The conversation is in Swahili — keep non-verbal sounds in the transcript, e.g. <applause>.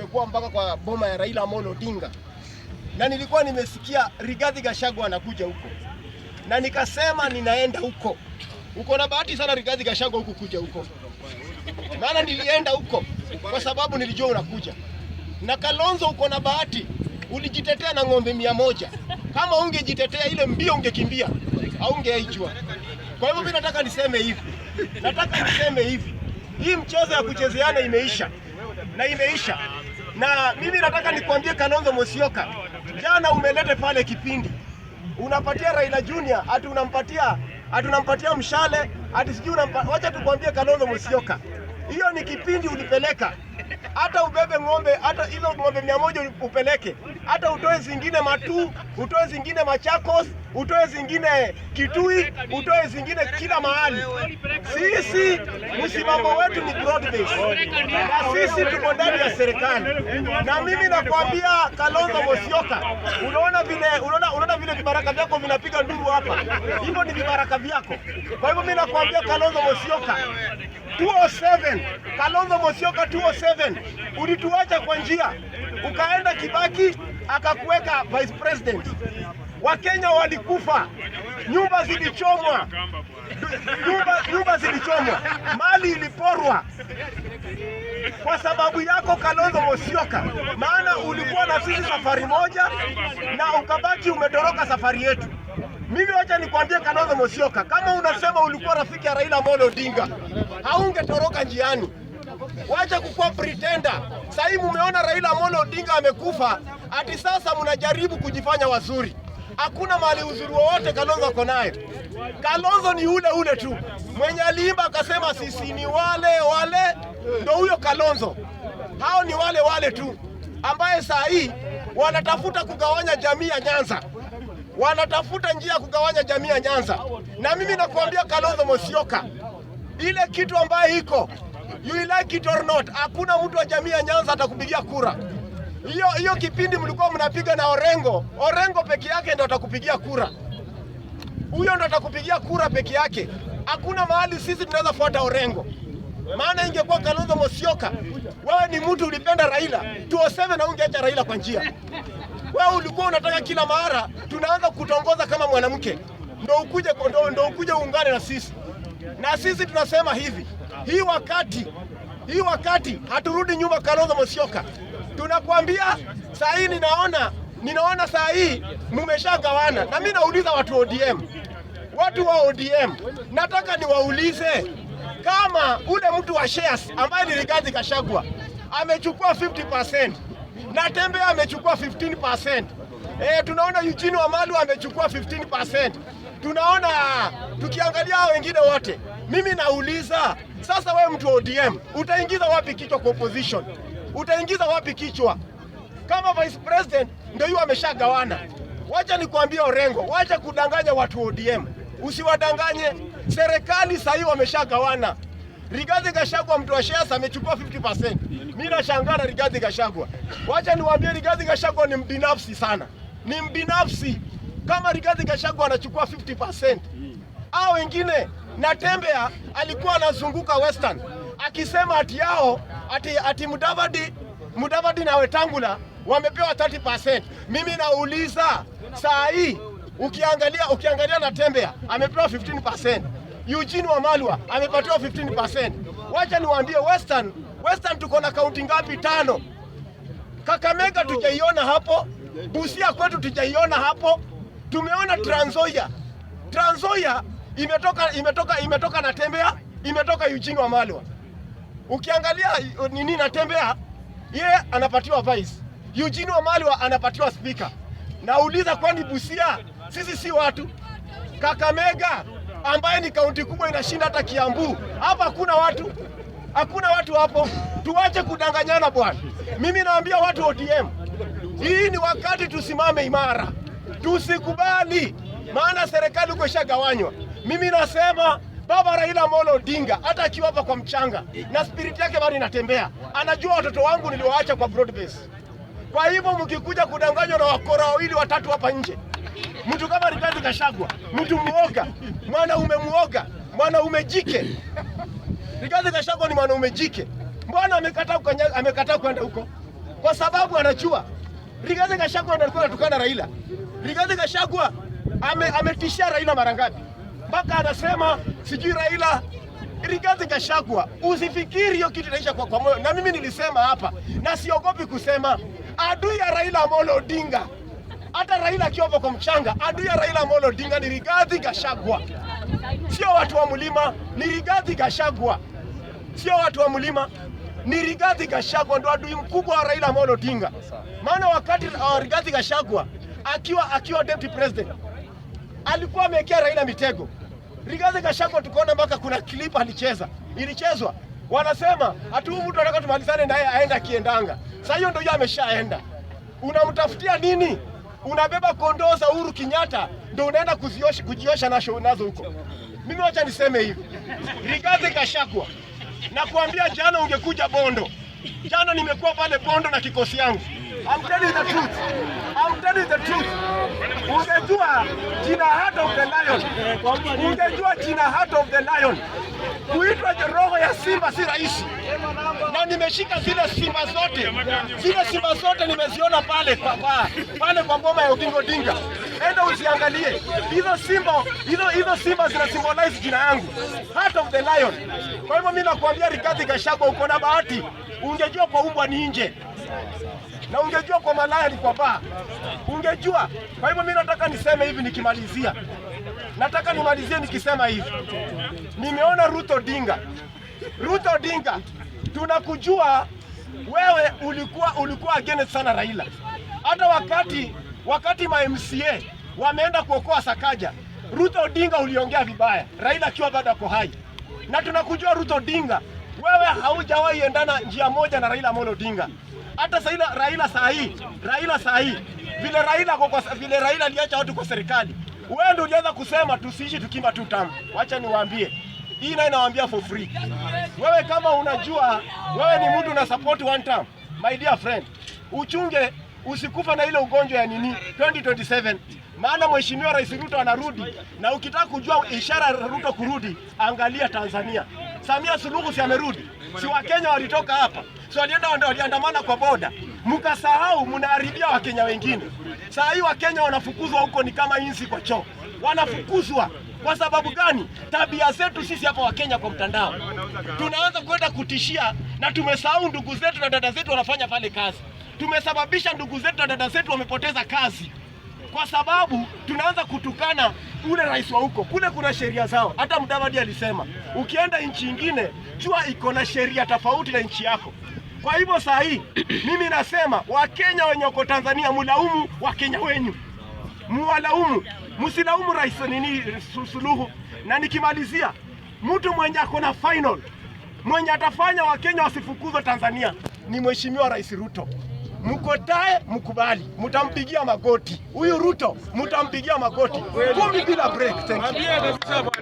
nimekuwa mpaka kwa boma ya Raila Amolo Odinga, na nilikuwa nimesikia Rigathi Gachagua anakuja huko na nikasema ninaenda huko. Uko na bahati sana Rigathi Gachagua huku kuja huko, maana nilienda huko kwa sababu nilijua unakuja. Na Kalonzo, uko na bahati, ulijitetea na ng'ombe mia moja. Kama ungejitetea ile mbio ungekimbia au ungeaijua. Kwa hivyo mimi nataka niseme hivi, nataka niseme hivi, hii mchezo ya kuchezeana imeisha na imeisha. Na mimi nataka nikwambie Kalonzo Musyoka, jana umelete pale kipindi unapatia Raila Junior ati unampatia ati unampatia mshale ati sijui unampa... Wacha tukwambie Kalonzo Musyoka, hiyo ni kipindi ulipeleka hata ubebe ng'ombe, hata hizo ng'ombe mia moja upeleke, hata utoe zingine matu utoe zingine Machakos, utoe zingine Kitui, utoe zingine kila mahali. Sisi msimamo wetu ni broad based, na sisi tuko ndani ya serikali. Na mimi nakwambia Kalonzo Musyoka, unaona vile unaona unaona vile vibaraka vyako vinapiga nduru hapa, hivyo ni vibaraka vyako. Kwa hivyo mimi nakwambia Kalonzo Musyoka 207, Kalonzo Musyoka 207 2007 ulituacha kwa njia, ukaenda Kibaki akakuweka vice president. Wakenya walikufa, nyumba zilichomwa, nyumba, nyumba zilichomwa, mali iliporwa kwa sababu yako Kalonzo Musyoka, maana ulikuwa na sisi safari moja na ukabaki umetoroka safari yetu. Mimi wacha nikwambie Kalonzo Musyoka, kama unasema ulikuwa rafiki ya Raila Amolo Odinga, haungetoroka njiani. Wacha kukuwa pretender. Sasa hivi mmeona Raila Amolo Odinga amekufa, ati sasa mnajaribu kujifanya wazuri. Hakuna mali uzuri wowote Kalonzo ako nayo. Kalonzo ni ule ule tu mwenye aliimba akasema sisi ni wale wale, ndo huyo Kalonzo. Hao ni wale wale tu ambaye saa hii wanatafuta kugawanya jamii ya Nyanza, wanatafuta njia ya kugawanya jamii ya Nyanza. Na mimi nakuambia Kalonzo mosioka ile kitu ambaye iko you like it or not, hakuna mtu wa jamii ya Nyanza atakupigia kura. Hiyo hiyo kipindi mlikuwa mnapiga na Orengo, Orengo peke yake ndo atakupigia kura, huyo ndo atakupigia kura peke yake. Hakuna mahali sisi tunaweza fuata Orengo, maana ingekuwa Kalonzo Musyoka, wewe ni mtu ulipenda Raila tuoseme na ungeacha Raila kwa njia. Wewe ulikuwa unataka kila mara tunaanza kutongoza kama mwanamke, ndo ukuje ndo ukuje uungane na sisi, na sisi tunasema hivi hii wakati hii wakati haturudi nyuma. Kalonzo Musyoka, tunakwambia saa hii, ninaona ninaona saa hii mumeshagawana, na mimi nauliza watu ODM, watu wa ODM nataka niwaulize kama ule mtu wa shares ambaye ni Rigathi Gachagua amechukua 50% na Tembe amechukua 15%. eh, tunaona Eugene Wamalwa amechukua 15%. Tunaona tukiangalia wengine wote mimi nauliza sasa, wewe mtu wa ODM utaingiza wapi kichwa kwa opposition? Utaingiza wapi kichwa kama vice president ndio hiyo ameshagawana? Wacha nikwambie Orengo, wacha kudanganya watu wa ODM, usiwadanganye. Serikali sasa hivi wameshagawana. Rigathi Gachagua mtu wa shares amechukua 50%. Mimi nashangaa na Rigathi Gachagua. Wacha niwaambie Rigathi Gachagua ni mbinafsi sana. Ni mbinafsi. Kama Rigathi Gachagua anachukua 50%, hao wengine na Tembea alikuwa anazunguka Western akisema ati yao ati, ati Mudavadi, Mudavadi na Wetangula wamepewa 30%. Mimi nauliza saa hii ukiangalia, ukiangalia na Tembea amepewa 15%, Eugene Wamalwa amepatiwa 15%. Wacha niwaambie Western, Western tuko na kaunti ngapi? Tano. Kakamega tujaiona hapo, Busia kwetu tujaiona hapo, tumeona Trans Nzoia. Trans Nzoia imetoka imetoka imetoka na tembea imetoka Eugene Wamalwa. Ukiangalia uh, nini na tembea, anapatiwa vice, Eugene Wamalwa anapatiwa speaker. Nauliza, kwani Busia sisi si watu? Kakamega ambaye ni kaunti kubwa inashinda hata Kiambu, hapa hakuna watu, hakuna watu hapo. Tuache kudanganyana bwana. Mimi naambia watu ODM, hii ni wakati tusimame imara, tusikubali, maana serikali uko ishagawanywa. Mimi nasema Baba Raila Molo Odinga hata akiwa hapa kwa mchanga na spiriti yake bado inatembea, anajua watoto wangu niliwaacha kwa broad base. Kwa hivyo mkikuja kudanganywa na wakora wawili watatu hapa nje, mtu kama Rigathi Gachagua, mtu muoga, mwanaume mwoga mwanaume jike. Rigathi Gachagua ni mwanaume jike. Mbona amekataa kwenda amekata huko? Kwa sababu anajua Rigathi Gachagua ndiye alikuwa anatukana Raila. Rigathi Gachagua ametishia ame Raila mara ngapi? mpaka anasema sijui Raila Rigathi Gachagua. Usifikiri hiyo kitu inaisha kwa, kwa moyo. Na mimi nilisema hapa na siogopi kusema, adui ya Raila Amolo Odinga, hata Raila akiwapo kwa mchanga, adui ya Raila Amolo Odinga ni Rigathi Gachagua, sio watu wa mlima, ni Rigathi Gachagua, sio watu wa mlima ni Rigathi Gachagua ndo adui mkubwa wa Raila Amolo Odinga. Maana wakati uh, Rigathi Gachagua akiwa akiwa deputy president alikuwa amewekea Raila mitego. Rigathi Gachagua tukaona mpaka kuna clip alicheza, ilichezwa wanasema hatu mtu anataka tumalizane naye aenda akiendanga. Sasa hiyo ndio ameshaenda, unamtafutia nini? Unabeba kondoo za Uhuru Kenyatta ndio unaenda kuziosha kujiosha nazo nazo huko. Mimi wacha niseme hivi, Rigathi Gachagua, nakwambia jana ungekuja Bondo. Jana nimekuwa pale Bondo na kikosi yangu I'm telling the truth. I'm telling the truth. Ungejua jina heart of the lion. Ungejua jina heart of the lion. Kuitwa roho ya simba si rahisi, na nimeshika zile simba zote, zile simba zote nimeziona pale papa, pale kwa ngoma ya Odinga Odinga. Enda uziangalie hizo simba, hizo hizo simba zina symbolize jina yangu, heart of the lion. Kwa hivyo mimi nakwambia Rigathi Gachagua, uko na bahati. Ungejua kwa umbwa ni nje na ungejua kwa malaya alikuwa baa, ungejua. Kwa hivyo mimi nataka niseme hivi nikimalizia, nataka nimalizie nikisema hivi, nimeona Ruto Odinga, Ruto Odinga, tunakujua wewe ulikuwa ulikuwa against sana Raila, hata wakati wakati ma MCA wameenda kuokoa Sakaja, Ruto Odinga uliongea vibaya, Raila akiwa bado ako hai, na tunakujua Ruto Odinga, wewe haujawahi endana njia moja na Raila Amolo Odinga. Hata saila Raila saa hii, Raila saa hii vile Raila kwa vile Raila aliacha watu kwa serikali, wewe ndio unaweza kusema tusiishi tukimba tu tamu. Wacha niwaambie hii na inawaambia for free. Wewe kama unajua wewe ni mtu una support one term, my dear friend, uchunge usikufa na ile ugonjwa ya nini 2027 maana mheshimiwa Rais Ruto anarudi, na ukitaka kujua ishara ya Ruto kurudi, angalia Tanzania. Samia Suluhu si amerudi? si Wakenya walitoka hapa, si walienda ndio waliandamana kwa boda, mkasahau mnaharibia Wakenya wengine. Saa hii Wakenya wanafukuzwa huko, ni kama inzi kwa choo, wanafukuzwa kwa sababu gani? Tabia zetu sisi hapa Wakenya kwa mtandao, tunaanza kwenda kutishia na tumesahau ndugu zetu na dada zetu wanafanya pale kazi. Tumesababisha ndugu zetu na dada zetu wamepoteza kazi kwa sababu tunaanza kutukana ule rais wa huko kule. Kuna sheria zao, hata Mudavadi alisema ukienda nchi ingine jua iko na sheria tofauti na nchi yako. Kwa hivyo saa hii <clears throat> mimi nasema Wakenya wenye wako Tanzania, mulaumu Wakenya wenyu, muwalaumu, msilaumu rais nini Suluhu. Na nikimalizia, mtu mwenye ako na final mwenye atafanya Wakenya wasifukuzwe Tanzania ni mheshimiwa Rais Ruto mkotae mkubali, mtampigia magoti huyu Ruto, mtampigia magoti kumi bila break. Thank you.